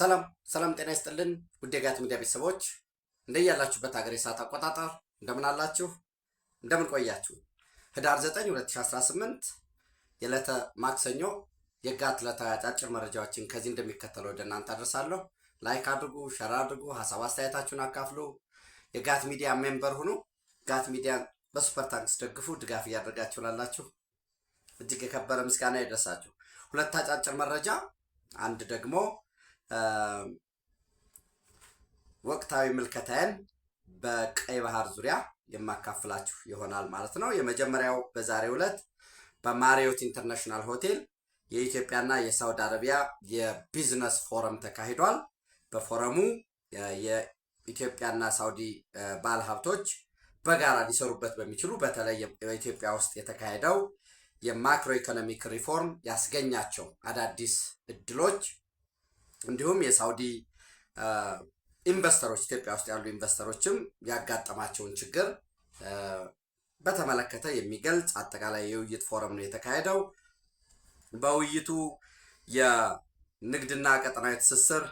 ሰላም ሰላም፣ ጤና ይስጥልን ውድ የጋት ሚዲያ ቤተሰቦች እንደያላችሁበት ሀገር የሰዓት አቆጣጠር እንደምን አላችሁ? እንደምን ቆያችሁ? ህዳር 9 2018 የዕለተ ማክሰኞ የጋት ዕለታዊ አጫጭር መረጃዎችን ከዚህ እንደሚከተለው ወደ እናንተ አድርሳለሁ ላይክ አድርጉ፣ ሸር አድርጉ፣ ሀሳብ አስተያየታችሁን አካፍሉ፣ የጋት ሚዲያ ሜምበር ሁኑ፣ ጋት ሚዲያን በሱፐር ታንክስ ደግፉ። ድጋፍ እያደረጋችሁ ላላችሁ እጅግ የከበረ ምስጋና ይደርሳችሁ። ሁለት አጫጭር መረጃ አንድ ደግሞ ወቅታዊ ምልከታን በቀይ ባህር ዙሪያ የማካፍላችሁ ይሆናል ማለት ነው። የመጀመሪያው በዛሬው ዕለት በማሪዮት ኢንተርናሽናል ሆቴል የኢትዮጵያና የሳውዲ አረቢያ የቢዝነስ ፎረም ተካሂዷል። በፎረሙ የኢትዮጵያና ሳውዲ ባለሀብቶች በጋራ ሊሰሩበት በሚችሉ በተለይ በኢትዮጵያ ውስጥ የተካሄደው የማክሮ ኢኮኖሚክ ሪፎርም ያስገኛቸው አዳዲስ እድሎች እንዲሁም የሳውዲ ኢንቨስተሮች ኢትዮጵያ ውስጥ ያሉ ኢንቨስተሮችም ያጋጠማቸውን ችግር በተመለከተ የሚገልጽ አጠቃላይ የውይይት ፎረም ነው የተካሄደው። በውይይቱ የንግድና ቀጠናዊ ትስስር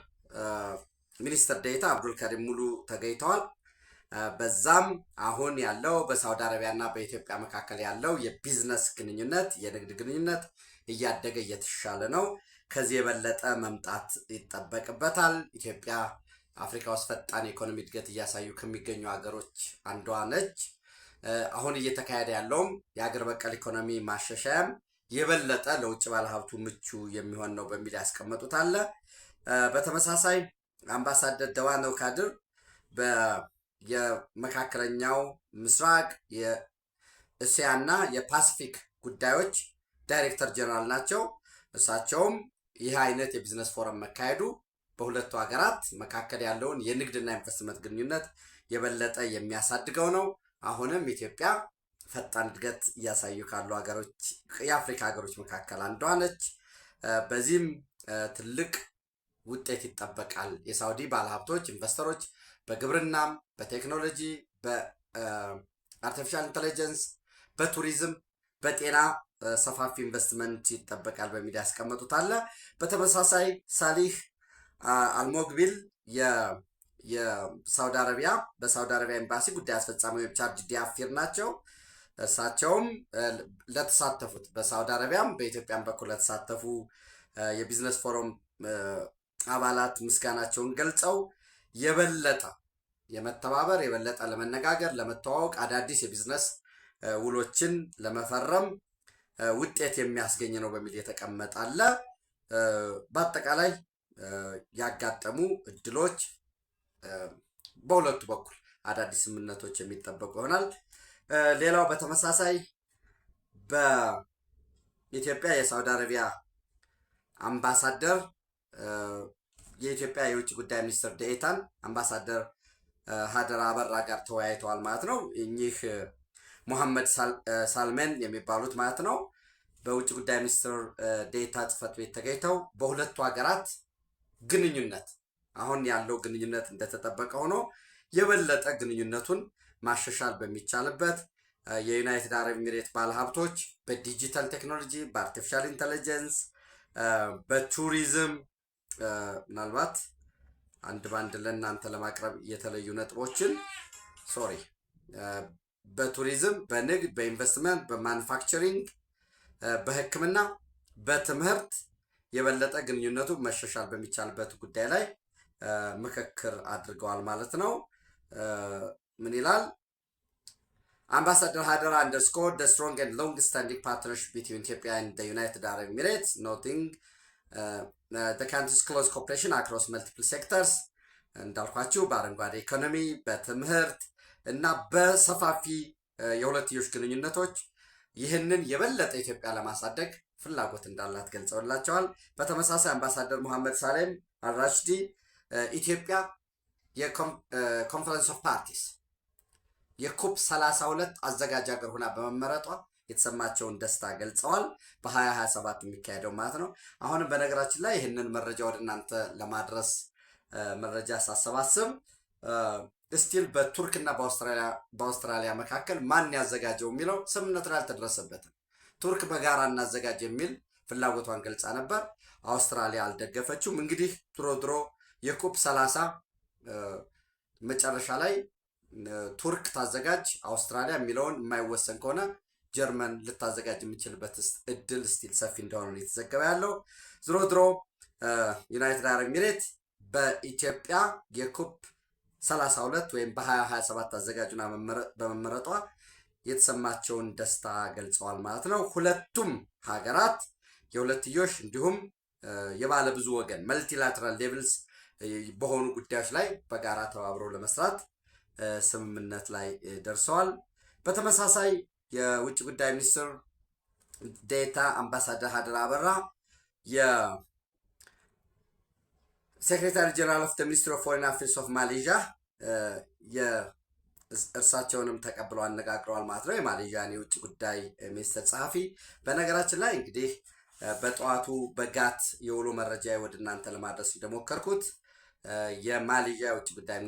ሚኒስትር ዴኤታ አብዱልከሪም ሙሉ ተገኝተዋል። በዛም አሁን ያለው በሳውዲ አረቢያ ና በኢትዮጵያ መካከል ያለው የቢዝነስ ግንኙነት የንግድ ግንኙነት እያደገ እየተሻለ ነው ከዚህ የበለጠ መምጣት ይጠበቅበታል። ኢትዮጵያ አፍሪካ ውስጥ ፈጣን የኢኮኖሚ እድገት እያሳዩ ከሚገኙ ሀገሮች አንዷ ነች። አሁን እየተካሄደ ያለውም የሀገር በቀል ኢኮኖሚ ማሻሻያም የበለጠ ለውጭ ባለሀብቱ ምቹ የሚሆን ነው በሚል ያስቀመጡት አለ። በተመሳሳይ አምባሳደር ደዋነው ካድር የመካከለኛው ምስራቅ የእስያና የፓሲፊክ ጉዳዮች ዳይሬክተር ጀነራል ናቸው። እሳቸውም ይህ አይነት የቢዝነስ ፎረም መካሄዱ በሁለቱ ሀገራት መካከል ያለውን የንግድና ኢንቨስትመንት ግንኙነት የበለጠ የሚያሳድገው ነው። አሁንም ኢትዮጵያ ፈጣን እድገት እያሳዩ ካሉ ሀገሮች የአፍሪካ ሀገሮች መካከል አንዷ ነች። በዚህም ትልቅ ውጤት ይጠበቃል። የሳውዲ ባለሀብቶች ኢንቨስተሮች በግብርናም፣ በቴክኖሎጂ፣ በአርቲፊሻል ኢንቴሊጀንስ፣ በቱሪዝም፣ በጤና ሰፋፊ ኢንቨስትመንት ይጠበቃል በሚል ያስቀመጡት አለ። በተመሳሳይ ሳሊህ አልሞግቢል የሳውዲ አረቢያ በሳውዲ አረቢያ ኤምባሲ ጉዳይ አስፈጻሚ ወይም ቻርጅ ዲያፊር ናቸው። እሳቸውም ለተሳተፉት በሳውዲ አረቢያም በኢትዮጵያም በኩል ለተሳተፉ የቢዝነስ ፎረም አባላት ምስጋናቸውን ገልጸው የበለጠ የመተባበር የበለጠ ለመነጋገር፣ ለመተዋወቅ አዳዲስ የቢዝነስ ውሎችን ለመፈረም ውጤት የሚያስገኝ ነው በሚል የተቀመጠ አለ። በአጠቃላይ ያጋጠሙ እድሎች በሁለቱ በኩል አዳዲስ ስምምነቶች የሚጠበቁ ይሆናል። ሌላው በተመሳሳይ በኢትዮጵያ የሳውዲ አረቢያ አምባሳደር የኢትዮጵያ የውጭ ጉዳይ ሚኒስትር ደኤታን አምባሳደር ሀደራ አበራ ጋር ተወያይተዋል ማለት ነው። እኚህ ሙሐመድ ሳልሜን የሚባሉት ማለት ነው በውጭ ጉዳይ ሚኒስትር ዴታ ጽህፈት ቤት ተገኝተው በሁለቱ ሀገራት ግንኙነት አሁን ያለው ግንኙነት እንደተጠበቀ ሆኖ የበለጠ ግንኙነቱን ማሻሻል በሚቻልበት የዩናይትድ አረብ ኤሚሬት ባለሀብቶች በዲጂታል ቴክኖሎጂ፣ በአርቲፊሻል ኢንቴሊጀንስ፣ በቱሪዝም ምናልባት አንድ በአንድ ለእናንተ ለማቅረብ የተለዩ ነጥቦችን ሶሪ በቱሪዝም፣ በንግድ፣ በኢንቨስትመንት፣ በማኑፋክቸሪንግ፣ በሕክምና፣ በትምህርት የበለጠ ግንኙነቱ መሻሻል በሚቻልበት ጉዳይ ላይ ምክክር አድርገዋል ማለት ነው። ምን ይላል? አምባሳደር ሃደራ አንደርስኮር ደ ስትሮንግ ኤንድ ሎንግ ስታንዲንግ ፓርትነርሽፕ ቢትዊን ኢትዮጵያ ኤንድ ዩናይትድ አረብ ኤሚሬትስ ኖቲንግ ደ ካንትሪስ ክሎዝ ኮፕሬሽን አክሮስ መልቲፕል ሴክተርስ እንዳልኳችሁ በአረንጓዴ ኢኮኖሚ፣ በትምህርት እና በሰፋፊ የሁለትዮሽ ግንኙነቶች ይህንን የበለጠ ኢትዮጵያ ለማሳደግ ፍላጎት እንዳላት ገልጸውላቸዋል። በተመሳሳይ አምባሳደር ሙሐመድ ሳሌም አልራሽዲ ኢትዮጵያ የኮንፈረንስ ኦፍ ፓርቲስ የኩፕ 32 አዘጋጅ ሀገር ሆና በመመረጧ የተሰማቸውን ደስታ ገልጸዋል። በ2027 የሚካሄደው ማለት ነው። አሁንም በነገራችን ላይ ይህንን መረጃ ወደ እናንተ ለማድረስ መረጃ ሳሰባስብ ስቲል በቱርክና በአውስትራሊያ መካከል ማን ያዘጋጀው የሚለው ስምምነቱ ላይ አልተደረሰበትም። ቱርክ በጋራ እናዘጋጅ የሚል ፍላጎቷን ገልጻ ነበር። አውስትራሊያ አልደገፈችውም። እንግዲህ ድሮ ድሮ የኮፕ ሰላሳ መጨረሻ ላይ ቱርክ ታዘጋጅ አውስትራሊያ የሚለውን የማይወሰን ከሆነ ጀርመን ልታዘጋጅ የምችልበት እድል ስቲል ሰፊ እንደሆነ የተዘገበ ያለው ዝሮ ድሮ ዩናይትድ አረብ ኤሚሬት በኢትዮጵያ የኮፕ 32 ወይም በ2027 አዘጋጁና በመመረጧ የተሰማቸውን ደስታ ገልጸዋል ማለት ነው። ሁለቱም ሀገራት የሁለትዮሽ እንዲሁም የባለ ብዙ ወገን መልቲላትራል ሌቭልስ በሆኑ ጉዳዮች ላይ በጋራ ተባብረው ለመስራት ስምምነት ላይ ደርሰዋል። በተመሳሳይ የውጭ ጉዳይ ሚኒስትር ዴታ አምባሳደር ሀደራ አበራ ሴክሬታሪ ጀነራል ኦፍ ሚኒስትሪ ኦፍ ፎሬን አፌርስ ኦፍ ማሌዥያ እርሳቸውንም ተቀብለው አነጋግረዋል ማለት ነው። የማሌዥያን የውጭ ጉዳይ eh, ሚኒስትር ጸሐፊ። በነገራችን ላይ እንግዲህ eh, በጠዋቱ በጋት የውሎ መረጃ ወደ እናንተ ለማድረስ እንደሞከርኩት eh, የማሌዥያ የውጭ ጉዳይ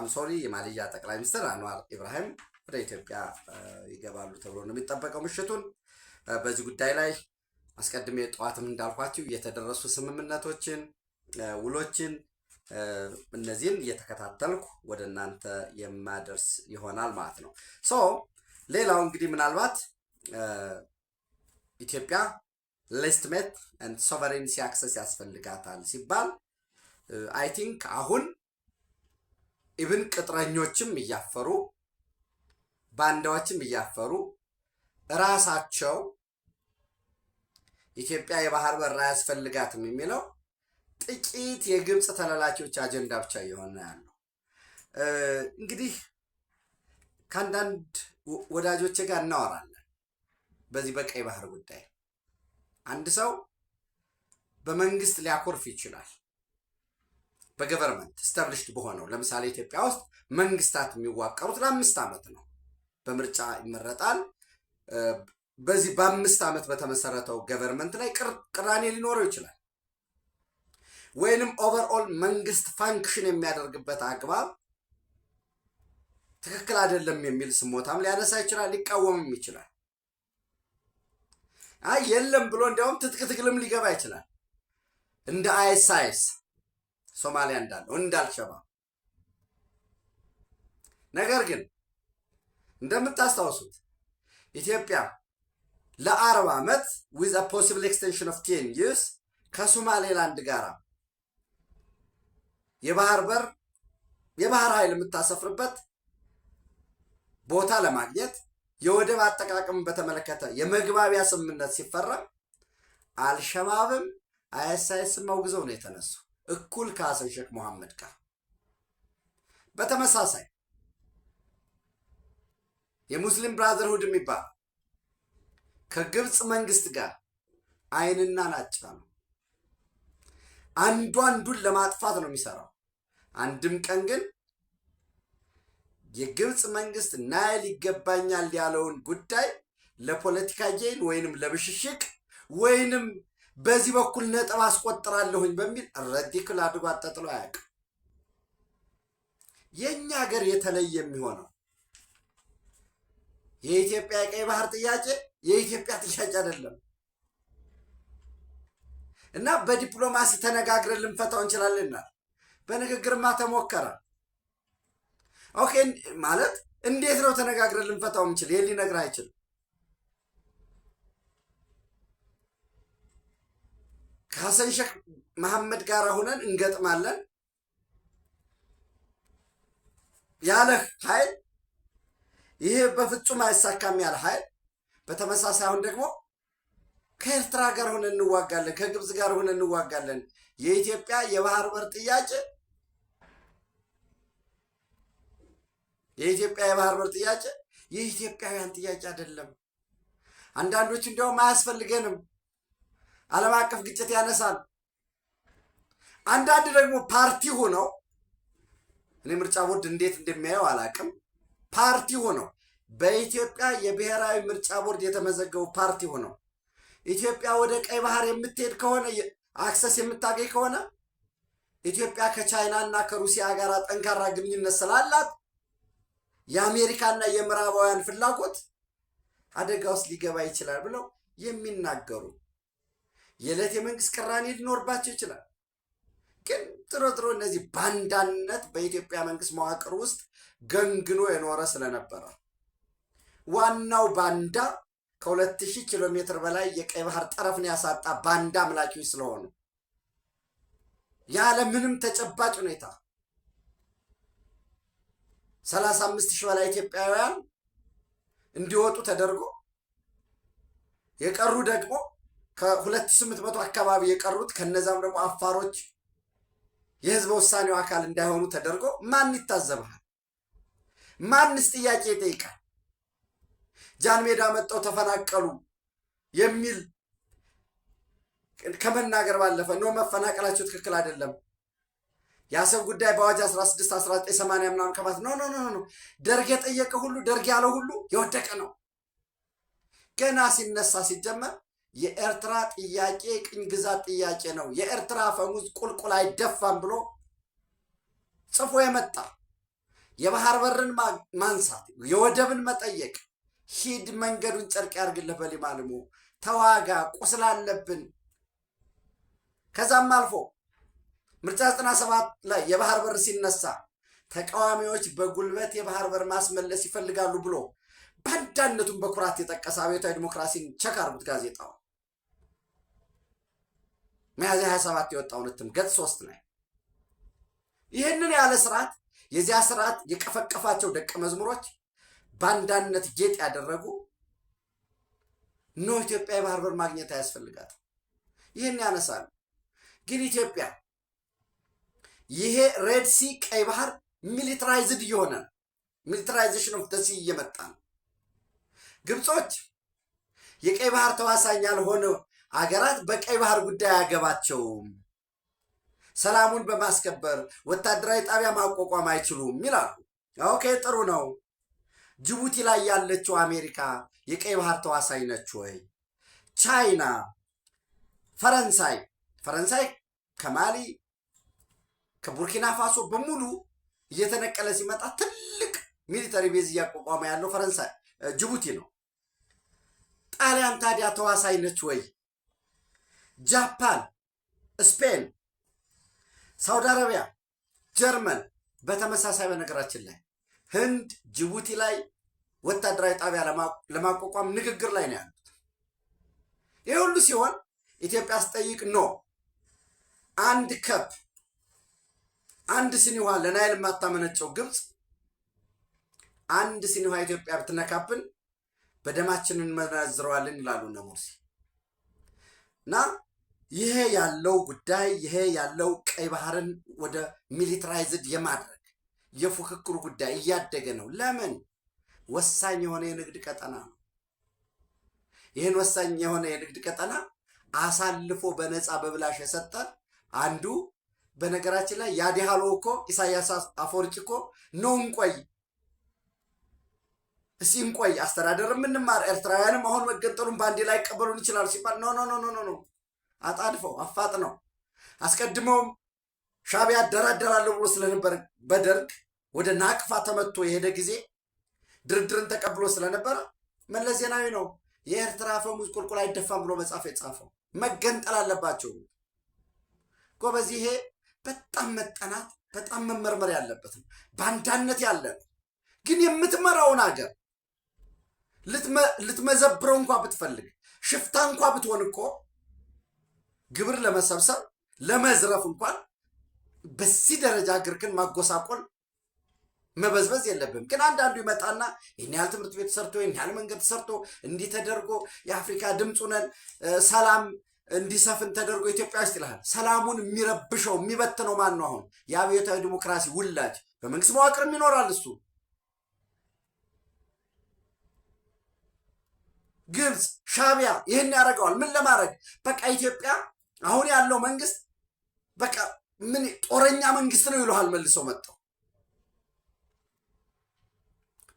አምሶሪ የማሌዥያ ጠቅላይ ሚኒስትር አንዋር ኢብራሂም ወደ ኢትዮጵያ ይገባሉ ተብሎ ነው የሚጠበቀው ምሽቱን። በዚህ ጉዳይ ላይ አስቀድሜ ጠዋትም እንዳልኳቸው የተደረሱ ስምምነቶችን ውሎችን እነዚህን እየተከታተልኩ ወደ እናንተ የማደርስ ይሆናል ማለት ነው። ሶ ሌላው እንግዲህ ምናልባት ኢትዮጵያ ሌስትሜት ኤንድ ሶቨሬንሲ አክሰስ ያስፈልጋታል ሲባል አይ ቲንክ አሁን ኢብን ቅጥረኞችም እያፈሩ ባንዳዎችም እያፈሩ እራሳቸው ኢትዮጵያ የባህር በር አያስፈልጋትም የሚለው ጥቂት የግብፅ ተላላኪዎች አጀንዳ ብቻ እየሆነ ያለው እንግዲህ ከአንዳንድ ወዳጆቼ ጋር እናወራለን በዚህ በቀይ ባህር ጉዳይ። አንድ ሰው በመንግስት ሊያኮርፍ ይችላል። በገቨርመንት ስተብሊሽድ በሆነው ለምሳሌ ኢትዮጵያ ውስጥ መንግስታት የሚዋቀሩት ለአምስት ዓመት ነው። በምርጫ ይመረጣል። በዚህ በአምስት ዓመት በተመሰረተው ገቨርመንት ላይ ቅራኔ ሊኖረው ይችላል። ወይንም ኦቨርኦል መንግስት ፋንክሽን የሚያደርግበት አግባብ ትክክል አይደለም የሚል ስሞታም ሊያነሳ ይችላል፣ ሊቃወምም ይችላል። አይ የለም ብሎ እንዲያውም ትጥቅ ትግልም ሊገባ ይችላል። እንደ አይሳይስ ሶማሊያ እንዳለው እንደ አልሸባብ። ነገር ግን እንደምታስታውሱት ኢትዮጵያ ለአርባ ዓመት ዊዝ ፖሲብል ኤክስቴንሽን ኦፍ ቴን ይርስ ከሶማሌላንድ ጋር የባህር በር የባህር ኃይል የምታሰፍርበት ቦታ ለማግኘት የወደብ አጠቃቀም በተመለከተ የመግባቢያ ስምምነት ሲፈረም አልሸባብም አይኤስአይኤስም አውግዘው ነው የተነሱ እኩል ከሀሰን ሼክ መሐመድ ጋር። በተመሳሳይ የሙስሊም ብራዘርሁድ የሚባል ከግብፅ መንግስት ጋር አይንና ናጫ ነው። አንዱ አንዱን ለማጥፋት ነው የሚሰራው። አንድም ቀን ግን የግብፅ መንግስት ናይል ይገባኛል ያለውን ጉዳይ ለፖለቲካ ጌን ወይንም ለብሽሽቅ ወይንም በዚህ በኩል ነጥብ አስቆጥራለሁኝ በሚል ረዲክል አድርጎ አጠጥሎ አያውቅም። የእኛ ሀገር የተለየ የሚሆነው የኢትዮጵያ ቀይ ባህር ጥያቄ የኢትዮጵያ ጥያቄ አይደለም እና በዲፕሎማሲ ተነጋግረን ልንፈታው እንችላለናል። በንግግርማ ተሞከረ። ኦኬ ማለት እንዴት ነው ተነጋግረን ልንፈታው የምችል? ይህን ሊነግር አይችልም። ከሐሰን ሼክ መሐመድ ጋር ሁነን እንገጥማለን ያለህ ኃይል ይህ በፍጹም አይሳካም ያለ ኃይል፣ በተመሳሳይ አሁን ደግሞ ከኤርትራ ጋር ሆነ እንዋጋለን፣ ከግብፅ ጋር ሆነ እንዋጋለን። የኢትዮጵያ የባህር በር ጥያቄ የኢትዮጵያ የባህር በር ጥያቄ የኢትዮጵያውያን ጥያቄ አይደለም። አንዳንዶች እንዲያውም አያስፈልገንም፣ ዓለም አቀፍ ግጭት ያነሳል። አንዳንድ ደግሞ ፓርቲ ሆነው እኔ ምርጫ ቦርድ እንዴት እንደሚያየው አላቅም። ፓርቲ ሆነው በኢትዮጵያ የብሔራዊ ምርጫ ቦርድ የተመዘገቡ ፓርቲ ሆነው ኢትዮጵያ ወደ ቀይ ባህር የምትሄድ ከሆነ አክሰስ የምታገኝ ከሆነ ኢትዮጵያ ከቻይና እና ከሩሲያ ጋር ጠንካራ ግንኙነት ስላላት የአሜሪካና የምዕራባውያን ፍላጎት አደጋ ውስጥ ሊገባ ይችላል ብለው የሚናገሩ የዕለት የመንግስት ቅራኔ ሊኖርባቸው ይችላል። ግን ጥሮ ጥሮ እነዚህ ባንዳነት በኢትዮጵያ መንግስት መዋቅር ውስጥ ገንግኖ የኖረ ስለነበረ ዋናው ባንዳ ከ2000 ኪሎ ሜትር በላይ የቀይ ባህር ጠረፍን ያሳጣ ባንዳ አምላኪዎች ስለሆኑ ያለ ምንም ተጨባጭ ሁኔታ ሰላሳ አምስት ሺህ በላይ ኢትዮጵያውያን እንዲወጡ ተደርጎ የቀሩ ደግሞ ከሁለት ስምንት መቶ አካባቢ የቀሩት ከነዛም ደግሞ አፋሮች የህዝበ ውሳኔው አካል እንዳይሆኑ ተደርጎ ማን ይታዘብሃል? ማንስ ጥያቄ ይጠይቃል? ጃን ሜዳ መጠው ተፈናቀሉ የሚል ከመናገር ባለፈ ኖ መፈናቀላቸው ትክክል አይደለም የአሰብ ጉዳይ በአዋጅ 16 1980 ምናምን ኖ ኖ ኖ ደርግ የጠየቀ ሁሉ ደርግ ያለው ሁሉ የወደቀ ነው። ገና ሲነሳ ሲጀመር የኤርትራ ጥያቄ ቅኝ ግዛት ጥያቄ ነው፣ የኤርትራ ፈሙዝ ቁልቁል አይደፋም ብሎ ጽፎ የመጣ የባህር በርን ማንሳት፣ የወደብን መጠየቅ፣ ሂድ መንገዱን ጨርቅ ያርግልህ በሊማልሙ ተዋጋ፣ ቁስል አለብን ከዛም አልፎ ምርጫ 97 ላይ የባህር በር ሲነሳ ተቃዋሚዎች በጉልበት የባህር በር ማስመለስ ይፈልጋሉ ብሎ ባዳነቱን በኩራት የጠቀሰ አብዮታዊ ዲሞክራሲን ቸክ አድርጉት። ጋዜጣው ሚያዝያ 27 የወጣውን እትም ገጽ ሶስት ላይ ይህንን ያለ ስርዓት የዚያ ስርዓት የቀፈቀፋቸው ደቀ መዝሙሮች ባንዳነት ጌጥ ያደረጉ ኖ ኢትዮጵያ የባህር በር ማግኘት አያስፈልጋትም። ይህን ያነሳሉ። ግን ኢትዮጵያ ይሄ ሬድ ሲ ቀይ ባህር ሚሊትራይዝድ እየሆነ ነው። ሚሊትራይዜሽን ኦፍ ደሲ እየመጣ ነው። ግብጾች የቀይ ባህር ተዋሳኝ ያልሆነ አገራት በቀይ ባህር ጉዳይ አያገባቸውም፣ ሰላሙን በማስከበር ወታደራዊ ጣቢያ ማቋቋም አይችሉም ይላሉ። ኦኬ ጥሩ ነው። ጅቡቲ ላይ ያለችው አሜሪካ የቀይ ባህር ተዋሳኝ ነች ወይ? ቻይና፣ ፈረንሳይ ፈረንሳይ ከማሊ ከቡርኪና ፋሶ በሙሉ እየተነቀለ ሲመጣ ትልቅ ሚሊተሪ ቤዝ እያቋቋመ ያለው ፈረንሳይ ጅቡቲ ነው። ጣሊያን ታዲያ ተዋሳኝ ነች ወይ? ጃፓን፣ ስፔን፣ ሳውዲ አረቢያ፣ ጀርመን በተመሳሳይ በነገራችን ላይ ህንድ ጅቡቲ ላይ ወታደራዊ ጣቢያ ለማቋቋም ንግግር ላይ ነው ያሉት። ይህ ሁሉ ሲሆን ኢትዮጵያ ስጠይቅ ኖ አንድ ከፕ አንድ ሲኒ ውሃ ለናይል የማታመነጨው ግብፅ አንድ ሲኒ ውሃ ኢትዮጵያ ብትነካብን በደማችን እንመናዝረዋለን ይላሉ እነ ሙርሲ እና ይሄ ያለው ጉዳይ ይሄ ያለው ቀይ ባህርን ወደ ሚሊትራይዝድ የማድረግ የፉክክሩ ጉዳይ እያደገ ነው። ለምን? ወሳኝ የሆነ የንግድ ቀጠና ነው። ይህን ወሳኝ የሆነ የንግድ ቀጠና አሳልፎ በነፃ በብላሽ የሰጠ አንዱ በነገራችን ላይ ያዲሃሎ እኮ ኢሳያስ አፈወርቂ እኮ ኑ እንቆይ እስኪ እንቆይ አስተዳደር የምንማር ኤርትራውያንም አሁን መገንጠሉን በአንዴ ላይ ቀበሉን ይችላሉ ሲባል ኖ ኖ ኖ ኖ አጣድፈው ነው። አስቀድሞም ሻዕቢያ አደራደራለሁ ብሎ ስለነበር በደርግ ወደ ናቅፋ ተመቶ የሄደ ጊዜ ድርድርን ተቀብሎ ስለነበረ መለስ ዜናዊ ነው የኤርትራ አፈሙዝ ቁልቁል አይደፋም ብሎ መጽሐፍ የጻፈው። መገንጠል አለባቸው ጎበዝ በጣም መጠናት በጣም መመርመር ያለበት ነው። በአንዳነት ያለ ነው። ግን የምትመራውን አገር ልትመዘብረው እንኳ ብትፈልግ ሽፍታ እንኳ ብትሆን እኮ ግብር ለመሰብሰብ ለመዝረፍ እንኳን በዚህ ደረጃ ግርክን ማጎሳቆል መበዝበዝ የለብም። ግን አንዳንዱ ይመጣና ይህን ያህል ትምህርት ቤት ሰርቶ ይህን ያህል መንገድ ሰርቶ እንዲህ ተደርጎ የአፍሪካ ድምፁ ነን ሰላም እንዲሰፍን ተደርጎ ኢትዮጵያ ውስጥ ይልሃል። ሰላሙን የሚረብሸው የሚበትነው ማን ነው? አሁን የአብዮታዊ ዲሞክራሲ ውላጅ በመንግስት መዋቅርም ይኖራል እሱ። ግብፅ፣ ሻቢያ ይህን ያደርገዋል። ምን ለማድረግ በቃ ኢትዮጵያ አሁን ያለው መንግስት በቃ ምን ጦረኛ መንግስት ነው ይሉሃል። መልሰው መጣው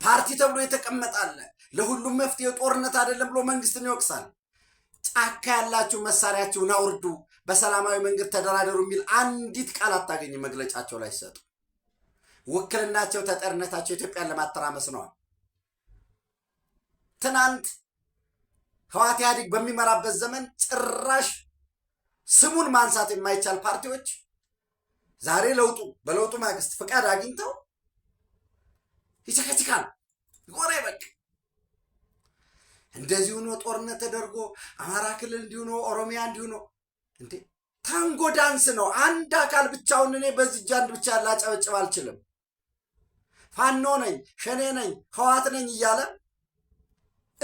ፓርቲ ተብሎ የተቀመጣለ ለሁሉም መፍትሄ ጦርነት አይደለም ብሎ መንግስትን ይወቅሳል። ጫካ ያላችሁ መሳሪያችሁን አውርዱ፣ በሰላማዊ መንገድ ተደራደሩ የሚል አንዲት ቃል አታገኝ መግለጫቸው ላይ ሲሰጡ ውክልናቸው፣ ተጠርነታቸው ኢትዮጵያን ለማተራመስ ነዋል። ትናንት ህዋት ኢህአዴግ በሚመራበት ዘመን ጭራሽ ስሙን ማንሳት የማይቻል ፓርቲዎች ዛሬ ለውጡ በለውጡ ማግስት ፍቃድ አግኝተው ይቸከችካል ወሬ በቃ እንደዚህ ሆኖ ጦርነት ተደርጎ አማራ ክልል እንዲሁ ነው፣ ኦሮሚያ እንዲሁ ነው። እንዴ ታንጎ ዳንስ ነው። አንድ አካል ብቻውን እኔ በዚህ እጅ አንድ ብቻ ላጨበጭብ አልችልም። ፋኖ ነኝ፣ ሸኔ ነኝ፣ ህዋት ነኝ እያለ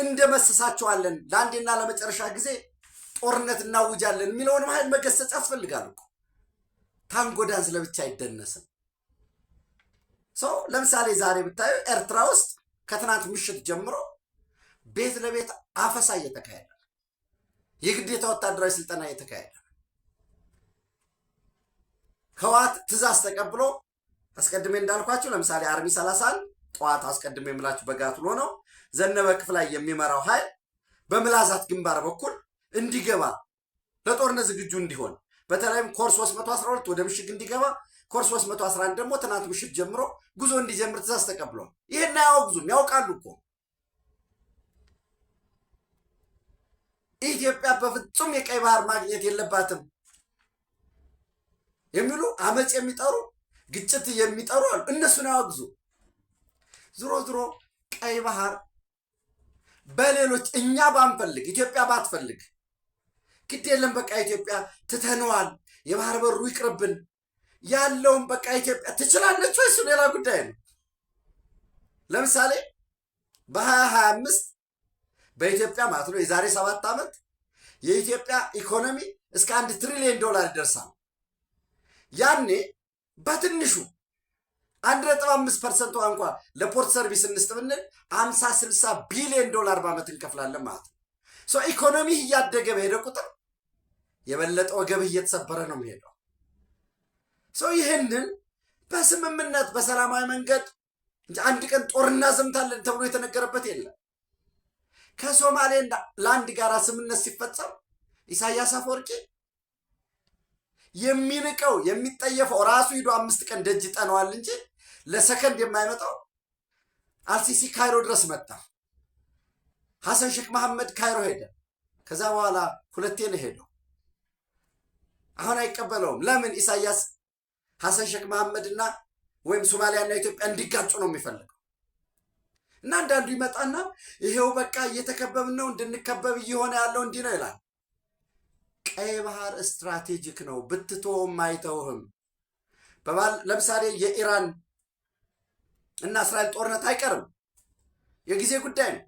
እንደመስሳቸዋለን። ለአንዴና ለመጨረሻ ጊዜ ጦርነት እናውጃለን የሚለውን ማለት መገሰጽ ያስፈልጋል እኮ። ታንጎ ዳንስ ለብቻ አይደነስም። ሰው ለምሳሌ ዛሬ ብታዩ ኤርትራ ውስጥ ከትናንት ምሽት ጀምሮ ቤት ለቤት አፈሳ እየተካሄደ ነው። የግዴታ ወታደራዊ ስልጠና እየተካሄደ ነው። ህወሓት ትእዛዝ ተቀብሎ አስቀድሜ እንዳልኳቸው ለምሳሌ አርሚ ሰላሳን ጠዋት አስቀድሜ የምላችሁ በጋት ብሎ ነው ዘነበ ክፍለ ላይ የሚመራው ኃይል በምላዛት ግንባር በኩል እንዲገባ ለጦርነት ዝግጁ እንዲሆን በተለይም ኮርስ 312 ወደ ምሽግ እንዲገባ ኮርስ 311 ደግሞ ትናንት ምሽት ጀምሮ ጉዞ እንዲጀምር ትእዛዝ ተቀብሏል። ይህን አያወግዙም፣ ያውቃሉ እኮ ኢትዮጵያ በፍጹም የቀይ ባህር ማግኘት የለባትም የሚሉ አመፅ የሚጠሩ ግጭት የሚጠሩ አሉ። እነሱን ያወግዙ። ዝሮ ዝሮ ቀይ ባህር በሌሎች እኛ ባንፈልግ ኢትዮጵያ ባትፈልግ ግድ የለም በቃ ኢትዮጵያ ትተነዋል፣ የባህር በሩ ይቅርብን ያለውን በቃ ኢትዮጵያ ትችላለች ወይ? እሱ ሌላ ጉዳይ ነው። ለምሳሌ በሀያ ሀያ አምስት በኢትዮጵያ ማለት ነው። የዛሬ ሰባት ዓመት የኢትዮጵያ ኢኮኖሚ እስከ አንድ ትሪሊየን ዶላር ይደርሳል። ያኔ በትንሹ አንድ ነጥብ አምስት ፐርሰንቷ እንኳ ለፖርት ሰርቪስ እንስጥ ብንል አምሳ ስልሳ ቢሊዮን ዶላር በዓመት እንከፍላለን ማለት ነው። ኢኮኖሚ እያደገ በሄደ ቁጥር የበለጠ ወገብህ እየተሰበረ ነው የሚሄደው። ሰው ይህንን በስምምነት በሰላማዊ መንገድ አንድ ቀን ጦርና ዘምታለን ተብሎ የተነገረበት የለም። ከሶማሌላንድ ጋር ስምነት ሲፈጸም ኢሳያስ አፈወርቂ የሚንቀው የሚጠየፈው ራሱ ሂዶ አምስት ቀን ደጅ ጠነዋል እንጂ ለሰከንድ የማይመጣው አልሲሲ ካይሮ ድረስ መጣ። ሐሰን ሼክ መሐመድ ካይሮ ሄደ። ከዛ በኋላ ሁለቴ ነው ሄደው። አሁን አይቀበለውም። ለምን? ኢሳያስ ሐሰን ሼክ መሐመድና ወይም ሶማሊያና ኢትዮጵያ እንዲጋጩ ነው የሚፈልገው። እና አንዳንዱ ይመጣና ይሄው በቃ እየተከበብን ነው፣ እንድንከበብ እየሆነ ያለው እንዲህ ነው ይላል። ቀይ ባህር ስትራቴጂክ ነው፣ ብትቶም አይተውህም። ለምሳሌ የኢራን እና እስራኤል ጦርነት አይቀርም፣ የጊዜ ጉዳይ ነው።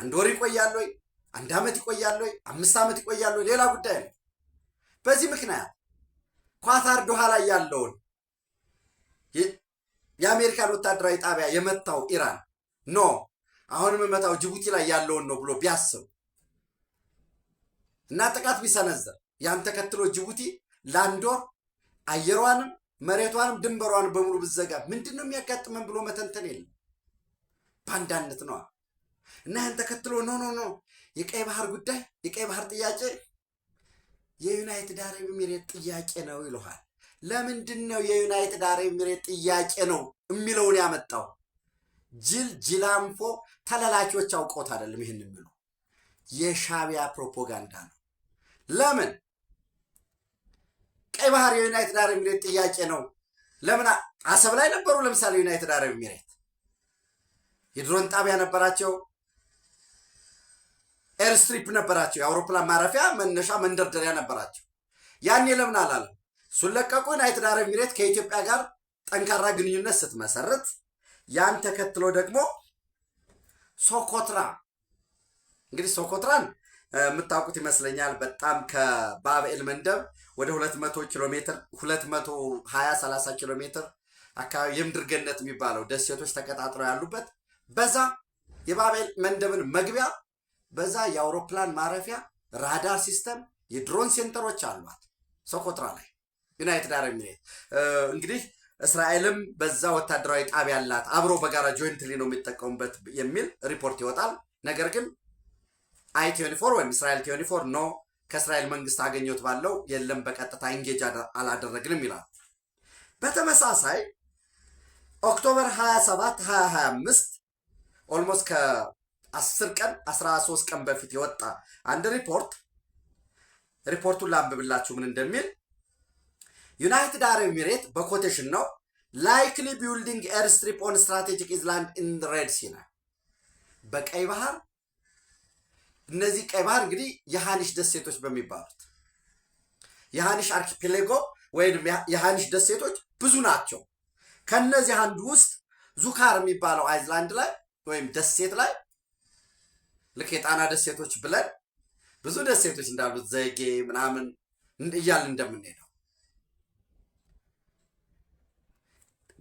አንድ ወር ይቆያል ወይ አንድ ዓመት ይቆያል ወይ አምስት ዓመት ይቆያል ወይ ሌላ ጉዳይ ነው። በዚህ ምክንያት ኳታር ዶሃ ላይ ያለውን የአሜሪካን ወታደራዊ ጣቢያ የመታው ኢራን ኖ አሁን የምመታው ጅቡቲ ላይ ያለውን ነው ብሎ ቢያስብ እና ጥቃት ቢሰነዘር ያን ተከትሎ ጅቡቲ ለአንድ ወር አየሯንም መሬቷንም ድንበሯንም በሙሉ ብዘጋ ምንድን ነው የሚያጋጥመን ብሎ መተንተን የለም። በአንዳነት ነዋ። እና ያን ተከትሎ ኖ ኖ ኖ የቀይ ባህር ጉዳይ የቀይ ባህር ጥያቄ የዩናይትድ አረብ ኤሚሬት ጥያቄ ነው ይለሃል። ለምንድን ነው የዩናይትድ አረብ ኤሚሬት ጥያቄ ነው የሚለውን ያመጣው? ጅል ጅላንፎ ተለላኪዎች አውቀውት አይደለም ይህን የሚሉ የሻቢያ ፕሮፓጋንዳ ነው። ለምን ቀይ ባህር የዩናይትድ አረብ ኤሚሬት ጥያቄ ነው? ለምን አሰብ ላይ ነበሩ? ለምሳሌ ዩናይትድ አረብ ኤሚሬት የድሮን ጣቢያ ነበራቸው፣ ኤርስትሪፕ ነበራቸው፣ የአውሮፕላን ማረፊያ መነሻ መንደርደሪያ ነበራቸው። ያኔ ለምን አላለም? ሱለቀቁ ለቀቁ። ዩናይትድ አረብ ኤሚሬት ከኢትዮጵያ ጋር ጠንካራ ግንኙነት ስትመሰርት ያን ተከትሎ ደግሞ ሶኮትራ እንግዲህ ሶኮትራን የምታውቁት ይመስለኛል። በጣም ከባብኤል መንደብ ወደ 200 ኪሎ ሜትር 220 30 ኪሎ ሜትር አካባቢ የምድር ገነት የሚባለው ደሴቶች ተቀጣጥለው ያሉበት በዛ የባብኤል መንደብን መግቢያ በዛ የአውሮፕላን ማረፊያ ራዳር ሲስተም የድሮን ሴንተሮች አሏት። ሶኮትራ ላይ ዩናይትድ አረብ ኤሚሬት እንግዲህ እስራኤልም በዛ ወታደራዊ ጣቢያ አላት፣ አብሮ በጋራ ጆይንትሊ ነው የሚጠቀሙበት የሚል ሪፖርት ይወጣል። ነገር ግን አይ ቲዩኒፎር ወይም እስራኤል ቲዩኒፎር ኖ ከእስራኤል መንግስት አገኘት ባለው የለም፣ በቀጥታ ኢንጌጅ አላደረግንም ይላል። በተመሳሳይ ኦክቶበር 27 2025 ኦልሞስት ከ10 ቀን 13 ቀን በፊት የወጣ አንድ ሪፖርት ሪፖርቱን ላንብብላችሁ ምን እንደሚል ዩናይትድ አረብ ኤሚሬት በኮቴሽን ነው ላይክሊ ቢውልዲንግ ኤርስትሪፕ ኦን ስትራቴጂክ ኢዝላንድ ኢን ሬድ ሲ ነው። በቀይ ባህር እነዚህ ቀይ ባህር እንግዲህ የሃኒሽ ደሴቶች በሚባሉት የሃኒሽ አርኪፔሌጎ ወይም የሃኒሽ ደሴቶች ብዙ ናቸው። ከነዚህ አንዱ ውስጥ ዙካር የሚባለው አይዝላንድ ላይ ወይም ደሴት ላይ ልክ የጣና ደሴቶች ብለን ብዙ ደሴቶች እንዳሉት ዘይጌ ምናምን እያልን እንደምንሄደው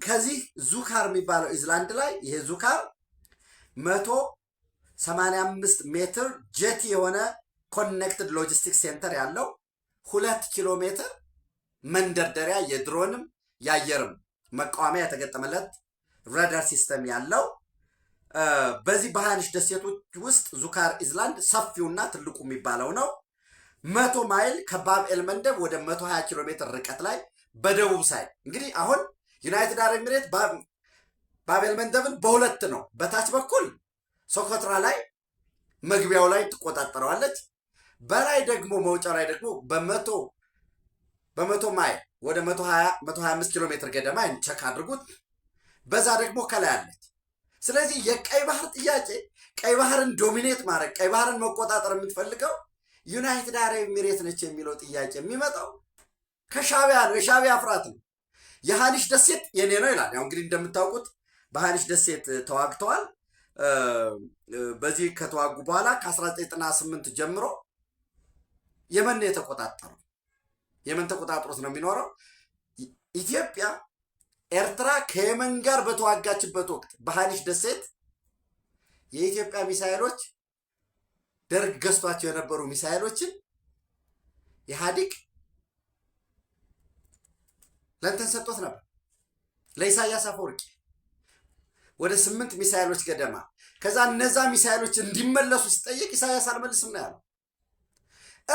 ከዚህ ዙካር የሚባለው ኢዝላንድ ላይ ይሄ ዙካር መቶ 85 ሜትር ጀቲ የሆነ ኮኔክትድ ሎጂስቲክስ ሴንተር ያለው ሁለት ኪሎ ሜትር መንደርደሪያ የድሮንም የአየርም መቃወሚያ የተገጠመለት ረዳር ሲስተም ያለው በዚህ ባህንሽ ደሴቶች ውስጥ ዙካር ኢዝላንድ ሰፊውና ትልቁ የሚባለው ነው። መቶ ማይል ከባብ ኤል መንደብ ወደ መቶ ሀያ ኪሎ ሜትር ርቀት ላይ በደቡብ ሳይ እንግዲህ አሁን ዩናይትድ አረብ ኤሚሬት ባቤል መንደብን በሁለት ነው። በታች በኩል ሶኮትራ ላይ መግቢያው ላይ ትቆጣጠረዋለች። በላይ ደግሞ መውጫ ላይ ደግሞ በመቶ በመቶ ማይ ወደ 125 ኪሎ ሜትር ገደማ ቸክ አድርጉት። በዛ ደግሞ ከላይ አለች። ስለዚህ የቀይ ባህር ጥያቄ ቀይ ባህርን ዶሚኔት ማድረግ ቀይ ባህርን መቆጣጠር የምትፈልገው ዩናይትድ አረብ ኤሚሬት ነች የሚለው ጥያቄ የሚመጣው ከሻቢያ ነው። የሻቢያ ፍራት ነው። የሀኒሽ ደሴት የኔ ነው ይላል። ያው እንግዲህ እንደምታውቁት በሀኒሽ ደሴት ተዋግተዋል። በዚህ ከተዋጉ በኋላ ከ1998 ጀምሮ የመን የተቆጣጠሩ የመን ተቆጣጥሮት ነው የሚኖረው። ኢትዮጵያ ኤርትራ ከየመን ጋር በተዋጋችበት ወቅት በሃኒሽ ደሴት የኢትዮጵያ ሚሳይሎች ደርግ ገዝቷቸው የነበሩ ሚሳይሎችን ኢህአዲግ ለእንትን ሰጥቶት ነበር ለኢሳያስ አፈወርቂ ወደ ስምንት ሚሳይሎች ገደማ። ከዛ እነዛ ሚሳይሎች እንዲመለሱ ሲጠየቅ ኢሳያስ አልመልስም ነው ያለው።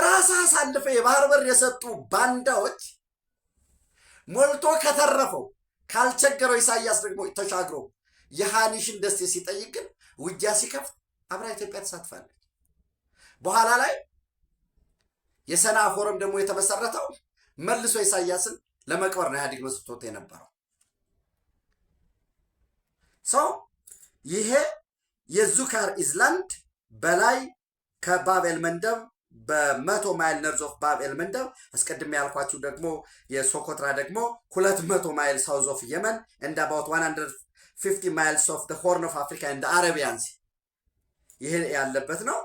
ራስህ አሳልፈ የባህር በር የሰጡ ባንዳዎች ሞልቶ ከተረፈው ካልቸገረው ኢሳያስ ደግሞ ተሻግሮ የሃኒሽን ደሴ ሲጠይቅ ግን ውጊያ ሲከፍት አብራ ኢትዮጵያ ተሳትፋለች። በኋላ ላይ ፎረም ደግሞ የተመሰረተው መልሶ ኢሳያስን ለመቅበር ነው ኢህአዴግ መስርቶት የነበረው ሰው ይሄ የዙካር ኢዝላንድ በላይ ከባቤል መንደብ በመቶ ማይል ነርዝ ኦፍ ባቤል መንደብ አስቀድሜ ያልኳችሁ ደግሞ የሶኮትራ ደግሞ ሁለት መቶ ማይል ሳውዝ ኦፍ የመን እንደ አባውት 150 ማይልስ ኦፍ ሆርን ኦፍ አፍሪካ እንደ አረቢያንሲ ይሄ ያለበት ነው።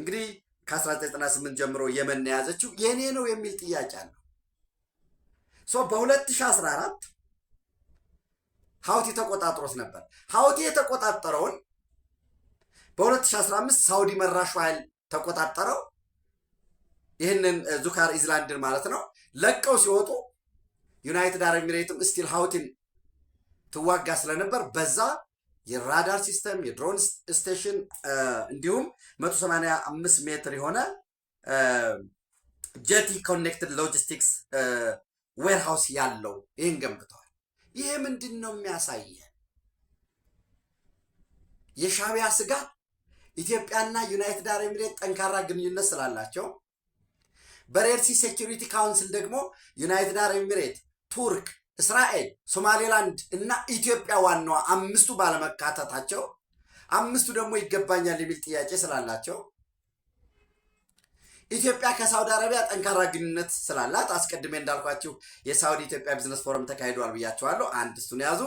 እንግዲህ ከ1998 ጀምሮ የመን የያዘችው የኔ ነው የሚል ጥያቄ አለው። ሶ በ2014 ሀውቲ ተቆጣጥሮት ነበር። ሀውቲ የተቆጣጠረውን በ2015 ሳውዲ መራሹ ኃይል ተቆጣጠረው። ይህንን ዙካር ኢዝላንድን ማለት ነው። ለቀው ሲወጡ ዩናይትድ አረብ ኤሚሬትም ስቲል ሀውቲን ትዋጋ ስለነበር በዛ የራዳር ሲስተም የድሮን ስቴሽን እንዲሁም 185 ሜትር የሆነ ጀቲ ኮኔክትድ ሎጂስቲክስ ዌርሃውስ ያለው ይህን ገንብተዋል። ይሄ ምንድን ነው የሚያሳየ? የሻቢያ ስጋት ኢትዮጵያና ዩናይትድ አረብ ጠንካራ ግንኙነት ስላላቸው በሬድሲ ሴኪሪቲ ካውንስል ደግሞ ዩናይትድ አረብ ኤሚሬት፣ ቱርክ፣ እስራኤል፣ ሶማሌላንድ እና ኢትዮጵያ ዋናዋ አምስቱ ባለመካተታቸው አምስቱ ደግሞ ይገባኛል የሚል ጥያቄ ስላላቸው ኢትዮጵያ ከሳውዲ አረቢያ ጠንካራ ግንኙነት ስላላት አስቀድሜ እንዳልኳችሁ የሳውዲ ኢትዮጵያ ቢዝነስ ፎረም ተካሂዷል ብያችኋለሁ። አንድ እሱን ያዙ።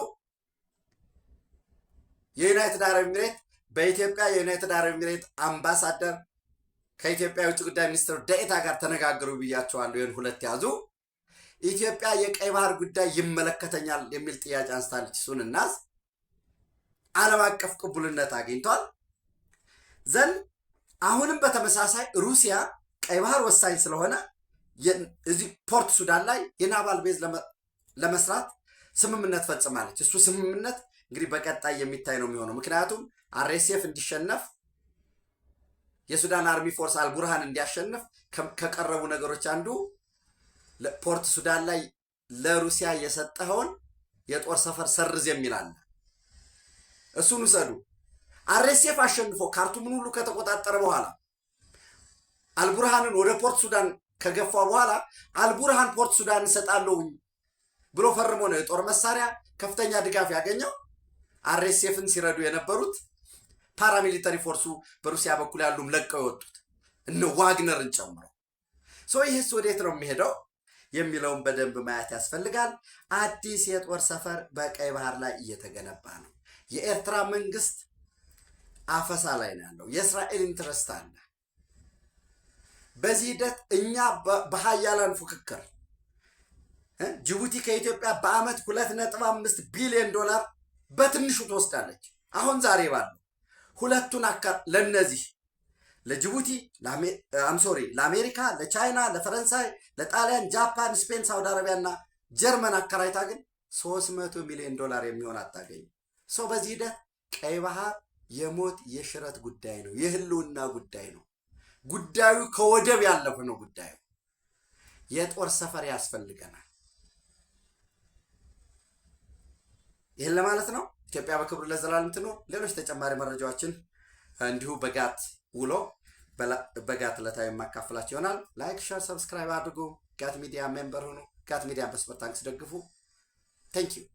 የዩናይትድ አረብ ኤሚሬት በኢትዮጵያ የዩናይትድ አረብ ኤሚሬት አምባሳደር ከኢትዮጵያ የውጭ ጉዳይ ሚኒስትር ደኤታ ጋር ተነጋገሩ ብያችኋለሁ። ይህን ሁለት ያዙ። ኢትዮጵያ የቀይ ባህር ጉዳይ ይመለከተኛል የሚል ጥያቄ አንስታለች። እሱን እናዝ። ዓለም አቀፍ ቅቡልነት አግኝቷል ዘንድ አሁንም በተመሳሳይ ሩሲያ ቀይ ባህር ወሳኝ ስለሆነ እዚህ ፖርት ሱዳን ላይ የናቫል ቤዝ ለመስራት ስምምነት ፈጽማለች። እሱ ስምምነት እንግዲህ በቀጣይ የሚታይ ነው የሚሆነው። ምክንያቱም አርኤስኤፍ እንዲሸነፍ የሱዳን አርሚ ፎርስ አልቡርሃን እንዲያሸንፍ ከቀረቡ ነገሮች አንዱ ፖርት ሱዳን ላይ ለሩሲያ የሰጠኸውን የጦር ሰፈር ሰርዝ የሚል አለ። እሱን ውሰዱ። አርኤስኤፍ አሸንፎ ካርቱምን ሁሉ ከተቆጣጠረ በኋላ አልቡርሃንን ወደ ፖርት ሱዳን ከገፋ በኋላ አልቡርሃን ፖርት ሱዳን እሰጣለሁ ብሎ ፈርሞ ነው የጦር መሳሪያ ከፍተኛ ድጋፍ ያገኘው። አርኤስኤፍን ሲረዱ የነበሩት ፓራሚሊተሪ ፎርሱ በሩሲያ በኩል ያሉም ለቀው የወጡት እነ ዋግነርን ጨምሮ ሰው ይህስ ወዴት ነው የሚሄደው የሚለውን በደንብ ማየት ያስፈልጋል። አዲስ የጦር ሰፈር በቀይ ባህር ላይ እየተገነባ ነው። የኤርትራ መንግስት አፈሳ ላይ ነው ያለው። የእስራኤል ኢንትረስት አለ። በዚህ ሂደት እኛ በሀያላን ፉክክር ጅቡቲ ከኢትዮጵያ በአመት ሁለት ነጥብ አምስት ቢሊዮን ዶላር በትንሹ ትወስዳለች። አሁን ዛሬ ባለው ሁለቱን አካ ለነዚህ ለጅቡቲ አምሶሪ ለአሜሪካ፣ ለቻይና፣ ለፈረንሳይ፣ ለጣሊያን፣ ጃፓን፣ ስፔን፣ ሳውዲ አረቢያ እና ጀርመን አከራይታ ግን ሶስት መቶ ሚሊዮን ዶላር የሚሆን አታገኝ ሰው። በዚህ ሂደት ቀይ ባህር የሞት የሽረት ጉዳይ ነው፣ የህልውና ጉዳይ ነው። ጉዳዩ ከወደብ ያለፈ ነው። ጉዳዩ የጦር ሰፈር ያስፈልገናል። ይህን ለማለት ነው። ኢትዮጵያ በክብር ለዘላለም ትኑር። ሌሎች ተጨማሪ መረጃዎችን እንዲሁ በጋት ውሎ በጋት ዕለታዊ የማካፍላቸው ይሆናል። ላይክ፣ ሸር፣ ሰብስክራይብ አድርጉ። ጋት ሚዲያ ሜምበር ሁኑ። ጋት ሚዲያ በስፖርት ታንክስ ደግፉ። ታንኪዩ